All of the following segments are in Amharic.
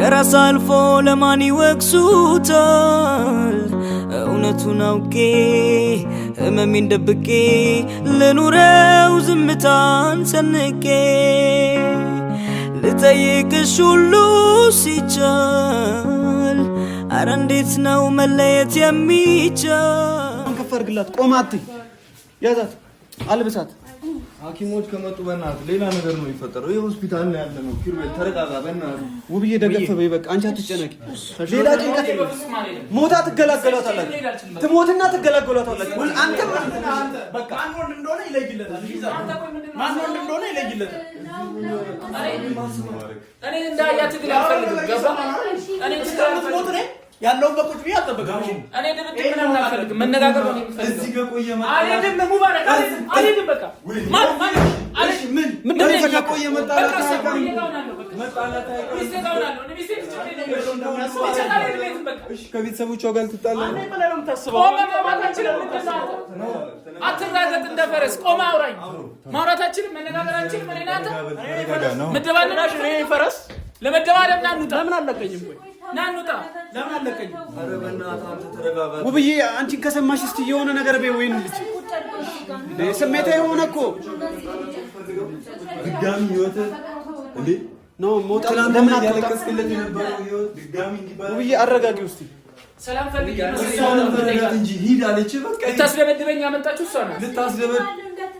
ከራስ አልፎ ለማን ይወቅሱታል? እውነቱን አውቄ ህመሜን ደብቄ ልኑረው ዝምታን ሰንቄ ልጠይቅሽ ሁሉ ሲቻል አረ እንዴት ነው መለየት የሚቻል ከፈርግላት ቆማት ያዛት አልብሳት ሐኪሞች ከመጡ በእናት ሌላ ነገር ነው የሚፈጠረው። ይህ ሆስፒታል ነው ያለ ነው። ኪሩቤል ተረጋጋ፣ በእናትህ ውብዬ፣ ደገፈ በይ፣ በቃ አንቺ አትጨነቂ። ሌላ ጭንቀት ሞታ ትገላገሏታለች። ትሞትና ትገላገሏታለች። አንተ በቃ ማን እንደሆነ ይለይለታል፣ ማን እንደሆነ ይለይለታል። እኔ እንዳያ ትግል አልፈልግም፣ ገባህ? እኔ ትግል አልፈልግም ያለውን በቁጭ ብዬ አልጠበቅም። እኔ ድብድብ ምናምን አልፈልግም፣ መነጋገር ነው የምፈልገው። እዚህ ጋር ቆየ ማለት ሙባረክ አይደለም፣ በቃ ከቤተሰቦቿ ጋር አትራገጥ እንደ ፈረስ ቆመ አውራኝ። ማውራታችንም መነጋገራችንም እኔ ናንተ ምድባለን። ፈረስ ለመደባለምና እንውጣ። ለምን አለቀኝም ወይ ውብዬ አንቺን ከሰማሽ እስቲ የሆነ ነገር ቤ ወይን ልጅ ስሜታ የሆነ እኮ ድጋሚ ህይወት እንዴ ነው መውጣት ለምን ያለቀስክለት የነበረው ህይወት ድጋሚ እንዲባል ውብዬ አረጋጊ ውስጥ ሰላም ፈልጊ ሰላም ፈልጋት እንጂ ሂድ አለች በቃ ልታስደበድበኝ ያመጣችሁ እሷ ነው ልታስደበድ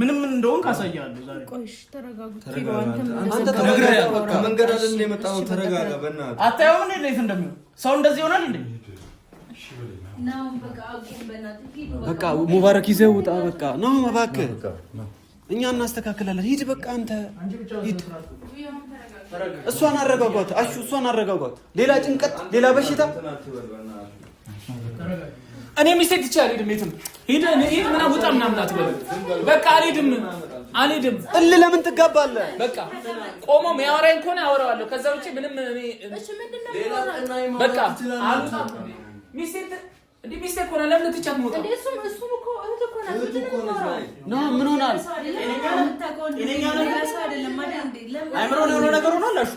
ምንም እንደሆን ካሳያሉ። ዛሬ ሌት እንደሚሆን ሰው እንደዚህ ይሆናል እንዴ? በቃ ሙባረክ ይዘህ ውጣ። በቃ ነው እባክህ፣ እኛ እናስተካክላለን። ሂድ በቃ አንተ ሂድ። እሷን አረጋጓት፣ አሹ እሷን አረጋጓት። ሌላ ጭንቀት፣ ሌላ በሽታ እኔ ሚስቴክ ትቼ አልሄድም። የትም ሂድ ሂድ ምናምን ውጣ ምናምን አትበል። በቃ አልሄድም አልሄድም። እልህ ለምን ትጋባለህ? በቃ ቆሞ የሚያወራኝ ከሆነ አወራዋለሁ። ከዛ ውጭ ምንም በቃ ሚስቴ ከሆነ ለምን ትቻት መውጣ? ምን ሆናል? አይምሮ የሆነ ነገር ሆናላችሁ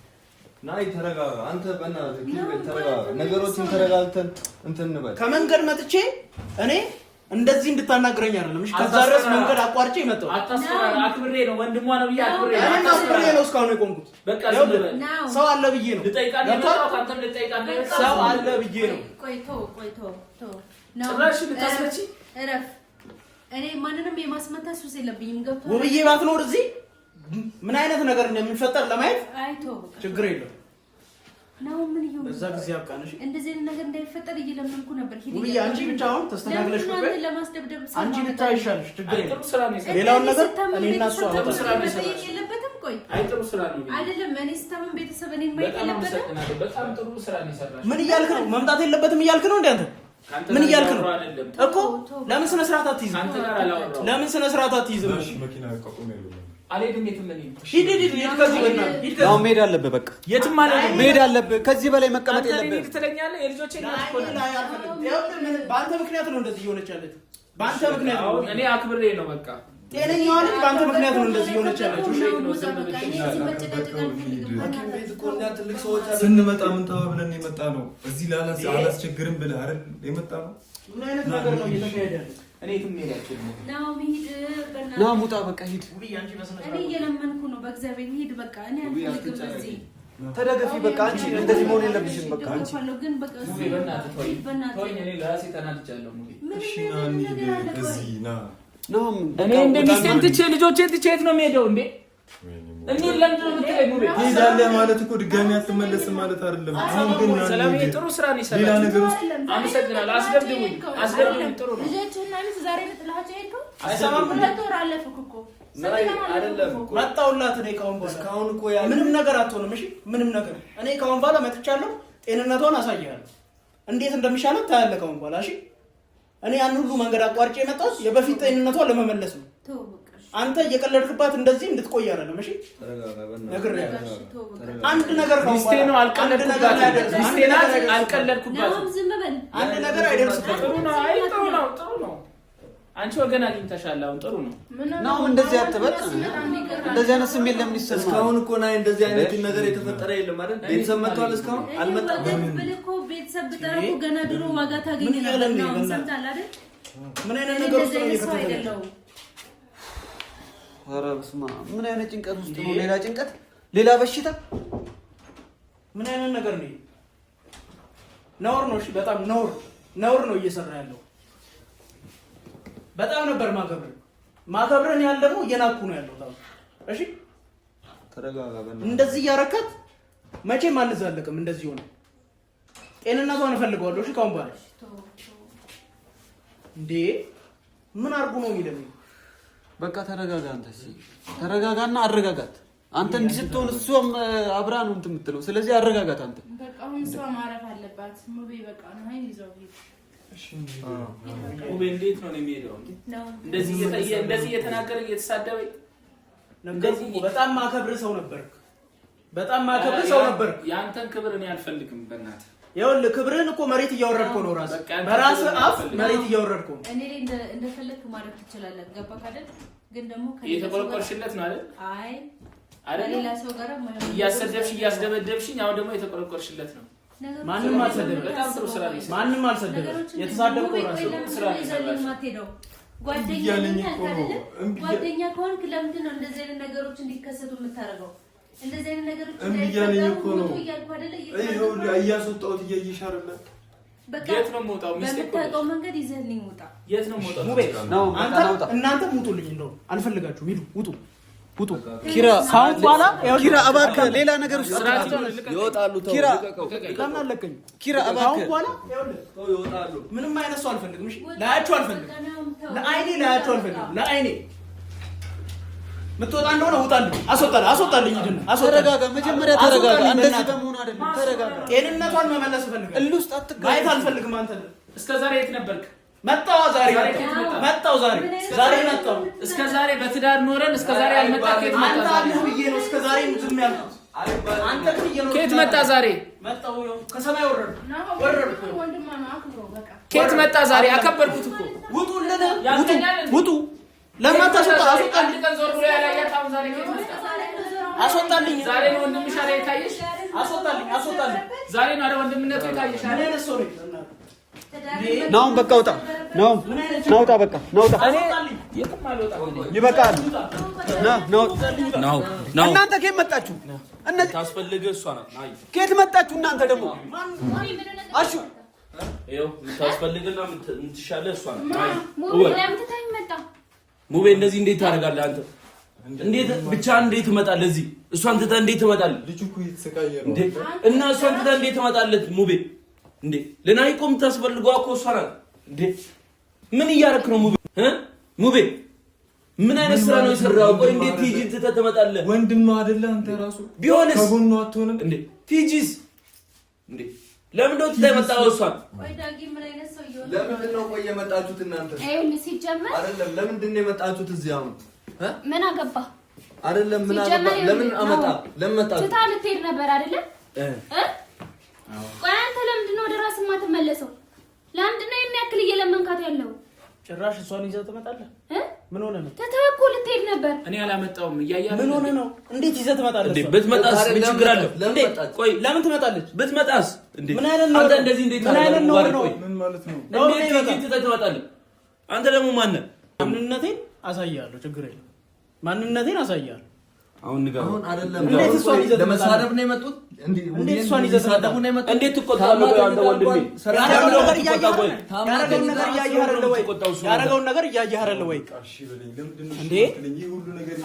ናይ ተረጋጋ። አንተ በእናትህ ተረጋጋ። ነገሮችን ተረጋግተን እንትን እንበል። ከመንገድ መጥቼ እኔ እንደዚህ እንድታናግረኝ አይደለም። እሺ፣ ከዛ ድረስ መንገድ አቋርጬ መጣሁ። አክብሬ ነው ወንድሟ ነው ብዬ አክብሬ ነው አክብሬ ነው እስካሁን በቃ ሰው አለ ብዬ ነው ሰው አለ ብዬ ነው። ቆይቶ ቆይቶ እረፍ። እኔ ማንንም የማስመታ ሱስ የለብኝም። ገብቶ ውብዬ ባትኖር እዚህ ምን አይነት ነገር እንደሚፈጠር ለማየት አይቶ ችግር የለም ነው። ምን ይሁን በዛ ጊዜ አቃነሽ እንደዚህ አይነት ነገር እንዳይፈጠር እየለመንኩ ነበር። ሂድ አንቺ ብቻ አሁን ተስተናግለሽ ነው ለማስደብደብ ሰው አንቺ ልታይሻለሽ። ችግር የለም ሌላውን ነገር እኔ እና እሱ ነው ጥሩ ስራ ነው የለበትም። ቆይ አይ ጥሩ ስራ ነው አይደለም። እኔ ስታምን ቤተሰብ እኔ ማየት የለበትም። በጣም ጥሩ ስራ ነው የሰራሽ። ምን እያልክ ነው? መምጣት የለበትም እያልክ ነው እንዴ አንተ? ምን እያልክ ነው እኮ? ለምን ስነ ስርዓት አትይዝም? ለምን ስነ ስርዓት አትይዝም? እሺ መኪና ያቆም ያለው አልሄድም የትም። ከዚህ በቃ የትም አልሄድም፣ ከዚህ በላይ መቀመጥ የለብህ ትለኛለህ። ነው እንደዚህ እየሆነች ነው። እኔ ምክንያት ነው እንደዚህ እየሆነች ስንመጣ ምን ተባ ብለን የመጣ ነው። እዚህ ላላስቸግርም ብለህ አይደል የመጣ ነው። ምን አይነት ነገር ነው እየተካሄደ ያለው? እኔ የትም መሄድ ና ሙጣ በቃ ሂድ። እኔ እየለመንኩ ነው በእግዚአብሔር ሂድ። በቃ እኔ አልፈልግም። ተደገፊ። በቃ አንቺ እንደዚህ መሆን የለብሽም። በቃ አንቺ ግን በቃ እኔ እንደ ሚስቴን ትቼ ልጆቼን ትቼ የት ነው የምሄደው እንዴ? ሄዳለህ ማለት እኮ ድጋሚ አትመለስም ማለት አይደለም። አሁን ግን ጥሩ ስራ ነው የሰራችው። አመሰግናለሁ። አስደምድሙኝ፣ አስደምድሙኝ። ጥሩ ነው ቀሚስ ዛሬ ልጥላቸው የሄድከው እኮ መጣሁላት። ምንም ነገር አትሆንም። እሺ ምንም ነገር እኔ ከአሁን በኋላ መጥቻለሁ። ጤንነቷን አሳያለሁ። እንዴት እንደሚሻላት ታያለህ ከአሁን በኋላ እሺ። እኔ ያን ሁሉ መንገድ አቋርጬ የመጣሁት የበፊት ጤንነቷን ለመመለስ ነው። አንተ እየቀለድክባት እንደዚህ እንድትቆይ አይደለም። እሺ አንድ ነገር ሚስቴ ነው አልቀለድኩባትም። አንድ ነገር አይደርስበትም። ጥሩ ነው። አንቺ ወገን አግኝተሻል። አሁን ጥሩ ነው። ናሁ እንደዚህ አትበል። እንደዚህ አይነት ስሜት ለምን ይሰማል? እስካሁን እኮ ናይ እንደዚህ አይነት ነገር የተፈጠረ የለም አይደል? ቤተሰብ መጥቷል። እስካሁን አልመጣም። ቤተሰብ ብጠራ ገና ድሮ ዋጋ ታገኛለህ። ሰምታል አይደል? ምን አይነት ነገር ውስጥ ነው እየፈተፈ ኧረ በስመ አብ! ምን አይነት ጭንቀት ውስጥ ነው? ሌላ ጭንቀት፣ ሌላ በሽታ፣ ምን አይነት ነገር ነው? ነውር ነው። እሺ፣ በጣም ነውር ነውር ነው እየሰራ ያለው በጣም ነበር ማከብር ማከብርን ያለ ደግሞ እየናኩ ነው ያለው። ታው እሺ፣ ተረጋጋ። እንደዚህ እያረካት መቼም አንዛለቅም። እንደዚህ ሆነ ጤንነቷን እፈልገዋለሁ። እሺ፣ ካሁን በኋላ እንዴ ምን አርጉ ነው የሚለኝ? በቃ ተረጋጋ። አንተ እሺ፣ ተረጋጋና አረጋጋት። አንተ እንዲህ ስትሆን እሷም አብራ ነው እንትን የምትለው። ስለዚህ አረጋጋት አንተ። በቃ አሁን እሷ ማረፍ አለባት። ሙቤ በቃ ነው ይዘው ውቤ እንዴት ነው የሚሄደው? እንደዚህ እየተናገረ እየተሳደበ በጣም ማከብር ሰው ነበር። በጣም ማከብር ሰው ነበር። የአንተን ክብር እኔ አልፈልግም። በእናትህ ይኸውልህ ክብርህን እኮ መሬት እያወረድኩ ነው። ራስህ በራስህ አፍ መሬት ነው። እኔ ማድረግ ትችላለህ። ግን ደግሞ የተቆረቆርሽለት ነው አይደል? አይ አይደል? እያሰደብሽ እያስደበደብሽኝ፣ አሁን ደግሞ የተቆረቆርሽለት ነው ማንም አልሰደበ። በጣም ጥሩ ስራ ነው። ማንም አልሰደበ። የተሳደበው ራሱ ስራ ነው። ጓደኛ ከሆንክ ለምንድን ነው እንደዚህ አይነት ነገሮች እንዲከሰቱ የምታደርገው? እንደዚህ አይነት ነገሮች እያለኝ እኮ ነው እያስወጣሁት እያየሽ አይደለ? የት ነው የምወጣው? በምታውቀው መንገድ ይዘህልኝ ውጣ። የት ነው የምወጣው? እናንተ ሙጡልኝ፣ አልፈልጋችሁም፣ ሂዱ፣ ውጡ ውጡ ኪራ፣ አሁን በኋላ ኪራ፣ እባክህ ሌላ ነገር ውስጥ ይወጣሉ። ኪራ፣ ለምን አለቀኝ? ኪራ፣ እባክህ በኋላ ምንም አይነት ሰው አልፈልግም። እሺ፣ ላያችሁ አልፈልግም። ለአይኔ ላያችሁ አልፈልግም። ለአይኔ ምትወጣ እንደሆነ ውጣልኝ፣ አስወጣልኝ፣ ይድን ተረጋጋ፣ መጀመሪያ ተረጋጋ። እንደዚህ በመሆን አይደለም። ተረጋጋ። ጤንነቷን መመለስ እፈልጋለሁ። እልህ ውስጥ አትገባ። ማየት አልፈልግም። አንተ እስከ ዛሬ የት ነበርክ? መጣሁ ዛሬ መጣሁ ዛሬ ዛሬ መጣሁ። እስከ ዛሬ በትዳር ኖረን እስከ ዛሬ አልመጣ። ከየት መጣ? አንተ ብዬ ነው እስከ ዛሬ ዝም ያልኩት። አንተ ብዬ ነው። ከየት መጣ? ዛሬ ከየት መጣ? ዛሬ አከበርኩት እኮ። ውጡ እንደነ ውጡ። ለምን አታስወጣ? አስወጣልኝ። አስወጣልኝ። ዛሬ ነው ወንድምሽ አለ የታየሽ። አስወጣልኝ። አስወጣልኝ። ዛሬ ነው ወንድምነቱ የታየሽ። ናሁን በቃ ውጣ፣ ናሁን ናውጣ፣ በቃ ናውጣ። ይበቃል። እናንተ ከየት መጣችሁ? እሷ ከየት መጣችሁ እናንተ ደግሞ አሹ የምታስፈልግና የምትሻለህ እሷ ናት። ሙቤ እንደዚህ እንዴት ታደርጋለህ አንተ? እንዴት ብቻ እንዴት ትመጣለህ እዚህ? እሷን ትተህ እንዴት ትመጣለህ? እና እሷን ትተህ እንዴት ትመጣለህ ሙቤ እንዴ ለናይቆ የምታስፈልገው እኮ እሷ ናት። እንዴ ምን እያደረክ ነው ሙቤ? ሙቤ ምን አይነት ስራ ነው የሰራው? ቆይ እንዴ ቲጂ ትተህ ትመጣለህ? ወንድም አይደለ? አንተ ራሱ ቢሆንስ ከጎኑ አትሆንም እንዴ? ቲጂስ እንዴ ለምን ነው ትተህ የመጣኸው? እሷን ቆይ ዳጊ ምን አይነት ሰው ይሆን? ለምንድን ነው ቆይ የመጣችሁት እናንተ? አይሁን ሲጀመር አይደለም። ለምንድን ነው የመጣችሁት እዚህ አሁን? ምን አገባ አይደለም። ምን አገባ? ለምን አመጣ? ለምን መጣ? ትታ ልትሄድ ነበር አይደለም? አንተ ለምንድን ነው ወደ ራስህ የማትመለሰው? ለምንድን ነው የሚያክል ያክል እየለመንካት ያለው? ጭራሽ እሷን ይዘህ ትመጣለህ? ምን ሆነ ነው? ተተህ እኮ ልትሄድ ነበር። እኔ አላመጣሁም። እያየህ ምን ሆነ ነው? እንዴት ይዘህ ትመጣለህ? እንዴ ብትመጣስ ምን ችግር አለው? ቆይ ለምን ትመጣለች? ብትመጣስ እንዴ ምን አይነት ነው? አንተ እንደዚህ እንዴት ምን አይነት ነው? ምን ማለት ነው? እንዴ እንዴት ይዘህ ትመጣለህ? አንተ ደግሞ ማነህ? ማንነቴን አሳያለሁ። ችግር የለም። ማንነቴን አሳያለሁ አሁን ንገሩ። አሁን አይደለም እንዴት እሷን ለመሳደብ ነው የመጡት። እንዴት እሷን ይዘህ ተሳደቡ ነው የመጡት። እንዴት ትቆጣለህ? ያንተ ወንድሜ ያደረገውን ነገር እያየህ ወይ? ያደረገውን ነገር እያየህ አይደለ ወይ? እንዴ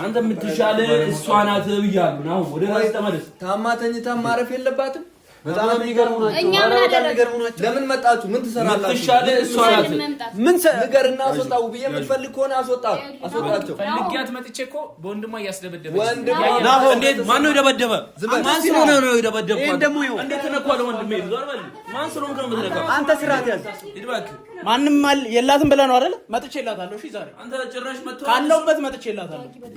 አንተ የምትሻለህ እሷ ናት ብያለሁ። አሁን ወደ ራስህ ተመለስ። ታማ ተኝታ ማረፍ የለባትም በጣም የሚገርሙ ናቸው። ለምን መጣችሁ? ምን ትሰራላችሁ? ምን ንገርና አስወጣው ብዬ የምትፈልግ ከሆነ አስወጣ አስወጣቸው። ፈልጊያት መጥቼ እኮ በወንድሟ የደበደበ? ማን ስለሆነ ነው የደበደበ? እንዴት ወንድሜ ማን ስለሆንክ ነው የምትነካው? አንተ ስርዓት ያዝ። ማንም የላትም ብለህ ነው መጥቼ ዛሬ መጥቼ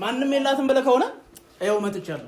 ማንም የላትም ብለህ ከሆነ ይኸው መጥቻለሁ።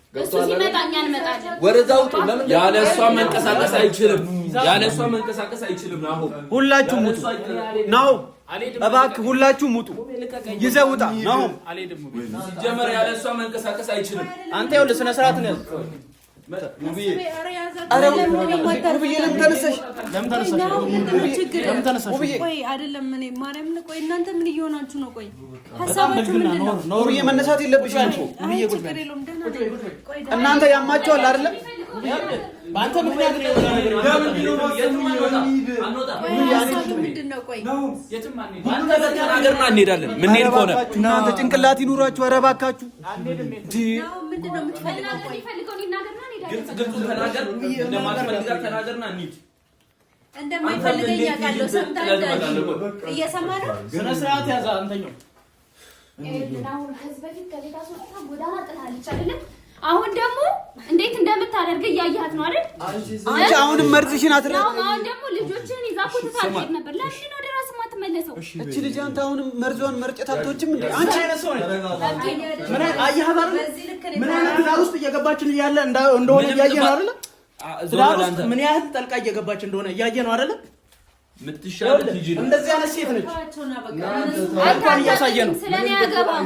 ያለ እሷ መንቀሳቀስ አይችልም። ያለ እሷ መንቀሳቀስ አይችልም። ናሆ ሁላችሁም ውጡ። ናሆ እባክህ ሁላችሁም ውጡ። ይዘህ ውጣ ናሆ። ሲጀመር ያለ እሷ መንቀሳቀስ አይችልም። አንተ ይኸውልህ ስነ ስርዓት ነው። አይደለም እኔ ማርያምን፣ ቆይ እናንተ ምን እየሆናችሁ ነው? ቆይ ሀሳባችሁ ምንድን ነው? ውብዬ መነሳት የለብሽም እኮ እናንተ ያማቸዋል አይደለም በአንተ ምክንያት ተናገርና እንሄዳለን። ምንሄድ ከሆነ እናንተ ጭንቅላት ይኑራችሁ። ኧረ እባካችሁ ግልጹን ተናገር፣ እንደማትፈልጋት ተናገርና እንሂድ። እንደማይፈልገኝ አውቃለሁ። ሰምተህ እየሰማህ ነው። ስነ ስርዓት ያዛ አንተኛው አሁን ደግሞ እንዴት እንደምታደርግ እያየሃት ነው አይደል? አንቺ አሁንም መርዝሽን አትረዳ። አሁን ደግሞ ልጆችን ይዛ እኮ ትታደርግ ነበር። ለምንድን ነው ወደ እራሱ የማትመለሰው? እቺ ልጅ አንተ አሁንም መርዟን መርጨት አትወጭም እንዴ? አንቺ አይነሰው ነኝ ምን አያህ ባር ምን አይነት ትዳር ውስጥ እየገባችን እያለ እንደሆነ እያየህ ነው አይደለ? ትዳር ውስጥ ምን ያህል ጠልቃ እየገባች እንደሆነ እያየህ ነው አይደለ? ምትሻለ ልጅ ነው። እንደዚህ አይነት ሴት ነች። አንተን እያሳየ ነው። ስለኔ አገባም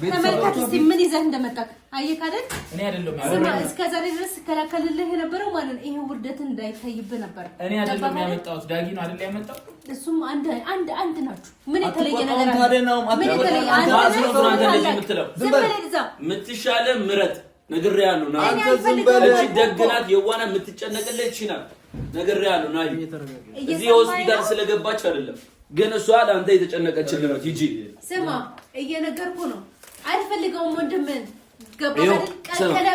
ተመልካች እስኪ ምን ይዘህ እንደመጣህ አየህ አይደል? እኔ አይደለም ያመጣሁት እስከ ዛሬ ድረስ ስከላከልልህ የነበረው ማለት ነው። ይሄ ውርደት እንዳይታይብህ ነበር። እኔ አይደለም ያመጣሁት ዳጊ ነው አይደል ያመጣሁት። እሱም አንድ አንድ አንድ ናችሁ። ምን የተለየ ነገር አለ? ምን የተለየ ምረጥ ነግሬሃለሁ። ና አንተ ዝም በል። እቺ ደግ ናት፣ የዋና የምትጨነቅልህ እቺ ናት። ነግሬሃለሁ። ና እዚህ ሆስፒታል ስለገባች አይደለም ግን እሷ ለአንተ የተጨነቀችልህ ነው። ሂጂ። ስማ እየነገርኩህ ነው አልፈልገውም ወንድምህን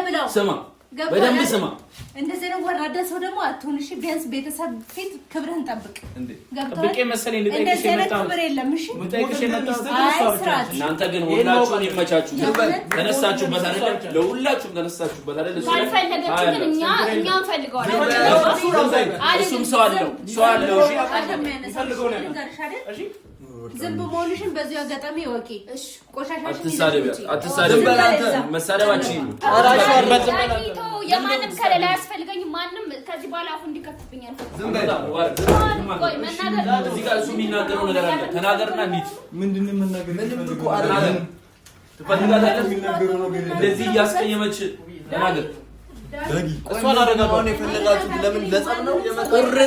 ብለው ስማ፣ በደንብ ስማ። እንደዚህ ነው ወራዳ ሰው ደግሞ አትሁን። እሺ ቢያንስ ቤተሰብ ፊት ክብርህን ጠብቅ። ጠብቄ መሰለኝ ልጠይቅሽ የመጣሁት ክብር የለም። እሺ ልጠይቅሽ እናንተ ግን ሁላችሁም ይመቻችሁ። ተነሳችሁበት አይደለ? ለሁላችሁም ተነሳችሁበት አይደለ? እኛ እሱም ሰው አለው ሰው አለው። እሺ ዝንብ መሆንሽን በዚሁ አጋጣሚ ወቂ። የማንም ከሌላ ያስፈልገኝ ማንም ከዚህ በኋላ አፉ እንዲከፍትብኝ ነገር ቁርጥ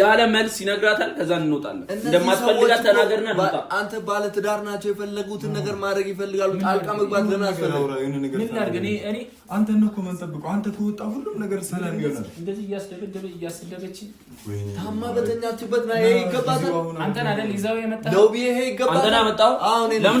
ያለ መልስ ይነግራታል። ከዛ እንወጣለን። እንደማትፈልጋት ተናገርና እንውጣ። አንተ ባለ ትዳር ናቸው፣ የፈለጉትን ነገር ማድረግ ይፈልጋሉ። ጣልቃ መግባት ለምን አስፈልግ? አንተ ነው እኮ የምንጠብቀው። አንተ ከወጣ ሁሉም ነገር ሰላም ይሆናል። እንደዚህ እያስደበደበ እያስደበች ታማ በተኛችበት ና ይሄ ይገባታል። አንተን አይደል ይዛው የመጣ ነው ይሄ ይገባታል። አንተን አመጣው ለምን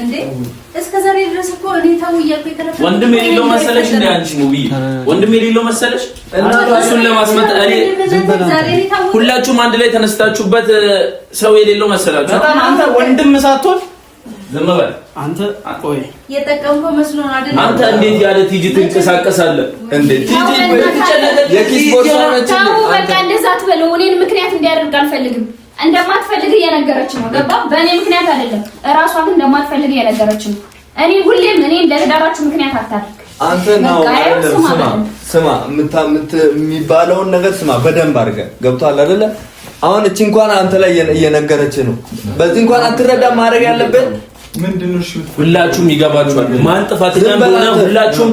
እንዴ እስከ ዛሬ ወንድም የሌለው መሰለሽ? እንደ አንቺ ውብዬ ወንድም የሌለው መሰለሽ? እሱን ለማስመጣ እኔ ሁላችሁም አንድ ላይ ተነስታችሁበት ሰው የሌለው መሰላችሁ? አንተ ወንድም ሳትሆን ዝም በል አንተ። ቆይ የጠቀምከው መስሎ አይደል? አንተ እንዴት ያለ ቲጂ ትንቀሳቀሳለህ እንዴ? ቲጂ የኪስ ቦርሳ ነች። በቃ እንደዛ አትበለው። እኔን ምክንያት እንዲያደርግ አልፈልግም። እንደማትፈልግ እየነገረች ነው። ገባ? በእኔ ምክንያት አይደለም፣ እራሷ ግን እንደማትፈልግ እየነገረች ነው። እኔ ሁሌም እኔ ለትዳራችሁ ምክንያት አታድርግ። አንተ ነው ስማ፣ ስማ ምታ ምት የሚባለውን ነገር ስማ በደንብ አድርገህ ገብቷል አይደለ? አሁን እቺ እንኳን አንተ ላይ እየነገረች ነው። በዚህ እንኳን አትረዳ ማድረግ ያለበት ምንድነው? ሹት ሁላችሁም ይገባችኋል ማን ጥፋተኛ እንደሆነ ሁላችሁም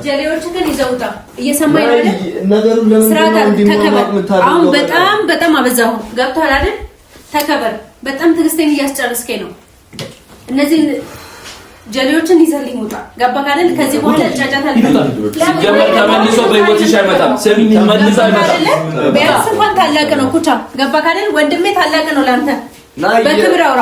ጀሌዎች ግን ይዘውታ እየሰማኝ አይደል? አሁን በጣም በጣም አበዛሁ። ገብቶሃል አይደል? ተከበር። በጣም ትዕግስቴን እያስጨረስከኝ ነው። እነዚህ ጀሌዎችን ይዘልኝ ውጣ። ገባህ አይደል? ከዚህ በኋላ ጫጫታ ተመልሶ በህይወትሽ አይመጣም። ሰሚ ተመልሶ አይመጣም። ቢያንስ እንኳን ታላቅ ነው ኩቻ። ገባህ አይደል? ወንድሜ ታላቅ ነው ላንተ። በክብር አውራ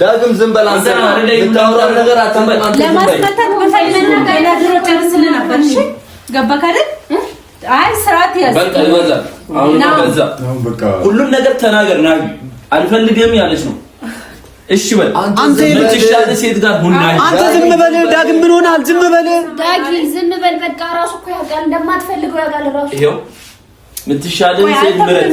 ዳግም ዝም በል አንተ። ልታወራው ነገር አትበል አንተ። ለማስመታት በፋይልና ካይና ድሮ ጨርስልህ ነበር። እሺ ገባህ አይደል? አይ ስርዓት ያዝ። በቃ ይበዛ። አሁን በዛ። በቃ ሁሉም ነገር ተናገር። ና አልፈልግህም ያለች ነው። እሺ በል አንተ የምትሻለ ሴት ጋር ሁና አንተ ዝም በል ዳግም። ምን ሆነሃል? ዝም በል ዳጊ፣ ዝም በል በቃ። ራሱ እኮ ያውቃል እንደማትፈልገው ያውቃል ራሱ። ይኸው የምትሻለ ሴት ምረጥ።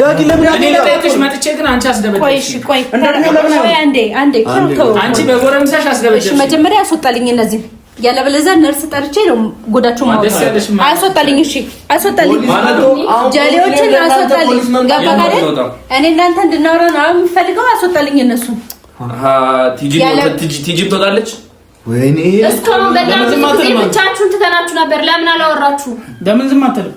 ዳጊ ለምን እኔ ለጠይቅሽ መጥቼ ግን አንቺ አስደበደብሽ። ቆይ እሺ፣ ቆይ አንዴ አንዴ አንቺ በጎረምሳሽ አስደበደብሽ። መጀመሪያ ያስወጣልኝ እነዚህ ያለበለዚያ ነርስ ጠርቼ ነው ጎዳችሁ ማለት አስወጣልኝ፣ እሺ አስወጣልኝ፣ ጀሌዎችን አስወጣልኝ። ገባህ እኔ እናንተ እንድናወራ ነው የምፈልገው። አስወጣልኝ እነሱ ቲጂ ትወጣለች። ወይኔ እስካሁን በጣም ብቻችሁን ትተናችሁ ነበር። ለምን አላወራችሁ? ለምን ዝም አትልም?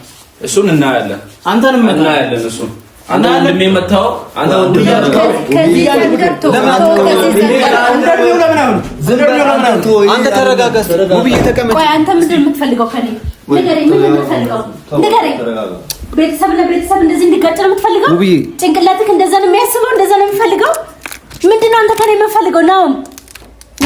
እሱን እናያለን። አንተንም እናያለን። እሱን አንተ ወንድሜ መታው አንተ ወንድሜ መታው አንተ ተረጋጋስ። ውብዬ ተቀመጥ። ቆይ አንተ ምንድን ነው የምትፈልገው ከኔ? ንገረኝ። ምን የምትፈልገው ንገረኝ። ቤተሰብ ለቤተሰብ እንደዚህ እንዲጋጭ ነው የምትፈልገው? ውብዬ ጭንቅላትህ እንደዛ ነው የሚያስበው? እንደዛ ነው የሚፈልገው? ምንድን ነው አንተ ከኔ የምትፈልገው ነው?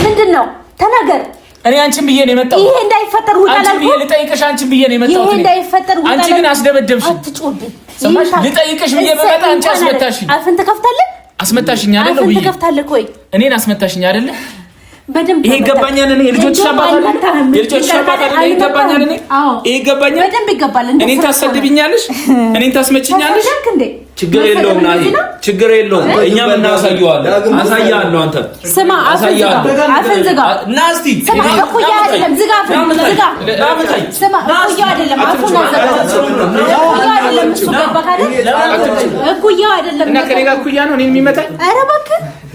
ምንድን ነው ተናገር። እኔ አንቺን ብዬ ነው የመጣሁት። ይሄ እንዳይፈጠር ውጣ ላልኩ አንቺ ልጠይቅሽ፣ አንቺን ብዬ ነው የመጣሁት። ይሄ እንዳይፈጠር ውጣ አንቺ ግን አስደበደብሽ። አትጮብኝ። ሰማሽ? ልጠይቅሽ ብዬ በመጣ አንቺ አስመታሽኝ። አፍን ትከፍታለህ። አስመታሽኝ አይደለ? አፍን ትከፍታለህ። ቆይ እኔን አስመታሽኝ አይደለ? በደንብ ይሄ ይገባኛል። እኔ ልጆችሽ እኔ ይሄ እኔን ታሰድብኛለሽ፣ እኔን ታስመችኛለሽ። ችግር የለውም ናይ ችግር የለውም። እኛም እናሳየዋለን። አሳያለሁ። አንተ ስማ፣ አፍን ዝጋ እኩያ ነው እኔን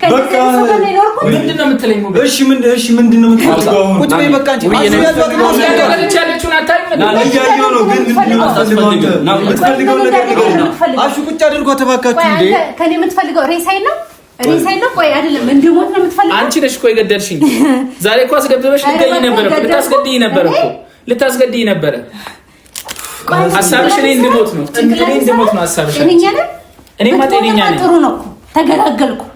ቁጭ አድርጎ ተባካችሁ እንዴ! ከኔ የምትፈልገው ሬሳይ ነው ነው። ነው ልታስገድኝ ነበረ። ሀሳብሽ እኔ እንድሞት ነው፣ እኔ እንድሞት ነው ሀሳብሽ። እኔ ጥሩ ነው፣ ተገላገልኩ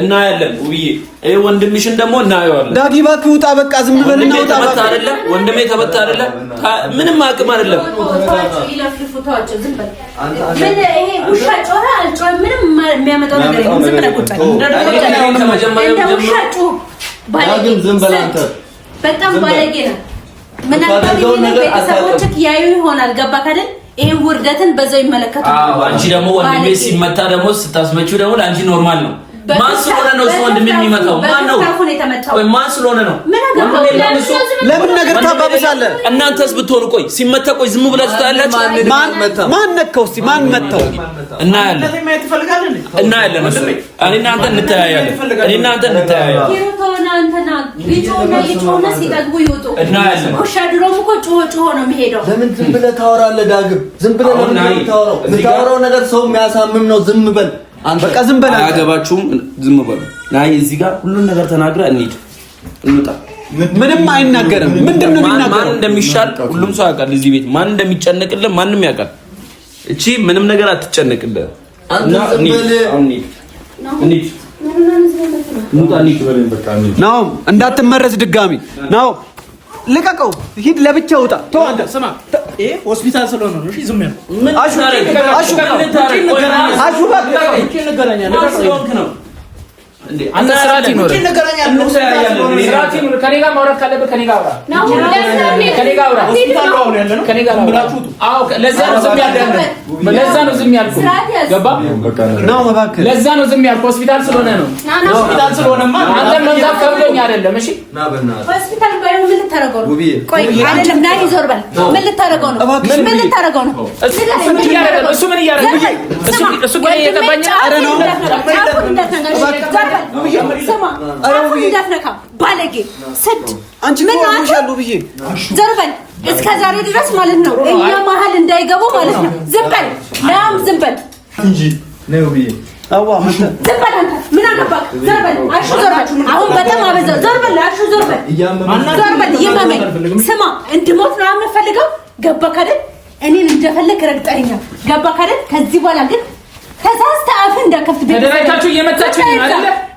እናያለን ውብዬ፣ ይሄ ወንድምሽን ደግሞ እናየዋለን። ዳጊ እባክህ ውጣ፣ በቃ ዝም ብለን እናውጣ። ተመታ አይደለ ወንድሜ፣ ተመታ አይደለ ምንም አቅም አይደለም። በጣም ይሆናል። ይሄን ውርደትን በዛው ይመለከታል። አንቺ ደግሞ ወንድሜ ሲመታ ደግሞ ስታስመችው ደግሞ ለአንቺ ኖርማል ነው ማን ስለሆነ ነው ሰው ወንድም የሚመታው? ማን ነው? ማን ስለሆነ ነው? ለምን ነገር ታባብሳለህ? እናንተስ ብትሆኑ ቆይ ሲመታ ቆይ ዝም ብላችሁ ታያላችሁ። ማን ነካው? እስኪ ማን መታው? እና ያለ እና ነው እኔ እናንተ እንተያያለን። እኔ እናንተ እንተያያለን። ነው ለምን ዝም ብለህ ታወራለህ? ዳግም ዝም ብለህ ለምን ታወራው? የምታወራው ነገር ሰው የሚያሳምም ነው። ዝም በል በቃ ዝም በላ። አያገባችሁም፣ ዝም በሉ። ናይ እዚህ ጋር ሁሉን ነገር ተናግረ እንሂድ፣ እንውጣ። ምንም አይናገርም። ምንድን ነው ማን እንደሚሻል ሁሉም ሰው ያውቃል። እዚህ ቤት ማን እንደሚጨነቅልህ ማንም ያውቃል። እቺ ምንም ነገር አትጨነቅልህ። ናው እንዳትመረዝ ድጋሚ ናው ልቀቀው፣ ሂድ፣ ለብቻ ውጣ። ተው አንተ ስማ ይሄ ሆስፒታል ስለሆነ ነው። እሺ ዝም ያለው አሹ አሹ አንተ ስርዓት ይኖር ማውራት ካለብህ ለዛ ነው ዝም ያልኩ ሆስፒታል ስለሆነ ነው። ሆስፒታል ስለሆነማ አንተን መምታት ከብዶኝ አይደለም። እሺ፣ ምን እንዳትነካ ባለጌ ስድ ዘርበን እስከ ዛሬ ድረስ ማለት ነው እኛ መሀል እንዳይገቡ ማለት ነው። ዝም በል ላም ዝም በል እንጂ ስማ እንድሞት ነው የምፈልገው። ገባህ አይደል? እኔን እንደፈለክ ረግጠኸኛል። ገባህ አይደል? ከዚህ በኋላ ግን ተሳስተህ አፍህ እንዳከፍት ቤት ተደራጅታችሁ እየመጣችሁ አይደል?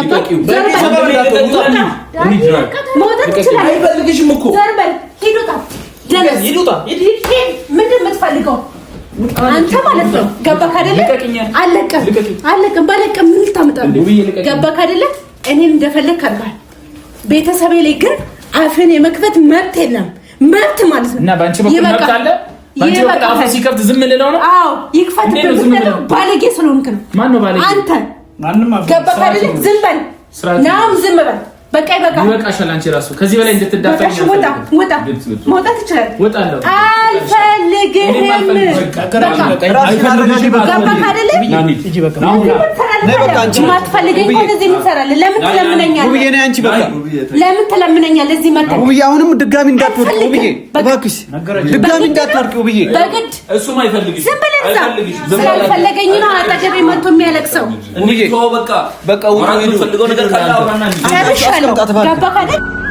ምንድን የምትፈልገው አንተ ማለት ነው። ገባክ አይደለ? አለቅም አለቅም ባለቅም ምን እንደፈለግ አድርገሃል። ቤተሰቤ ላይ ግን አፍን የመክፈት መብት የለም። መብት ማለት ነው እና በአንቺ በኩል መብት አለ ይከፍት ዝም ልለው ነው። አዎ ይክፈት። ባለጌ ስለሆንክ ነው። ማን ባለጌ? አንተ ገባ አይደል? ዝም በል ናም ዝም በል በቃ ይበቃል። ይበቃሻል። አንቺ ራሱ ከዚህ በላይ እንድትዳፈኝ ወጣ ወጣ መውጣት ይችላል። ወጣለሁ። አልፈልግህም። ገባህ አይደለ? የማትፈልገኝ እዚህ ምን ነገር